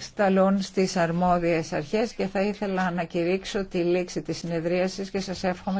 σταλούν στις αρμόδιες αρχές και θα ήθελα να κηρύξω τη λήξη της συνεδρίασης και σας εύχομαι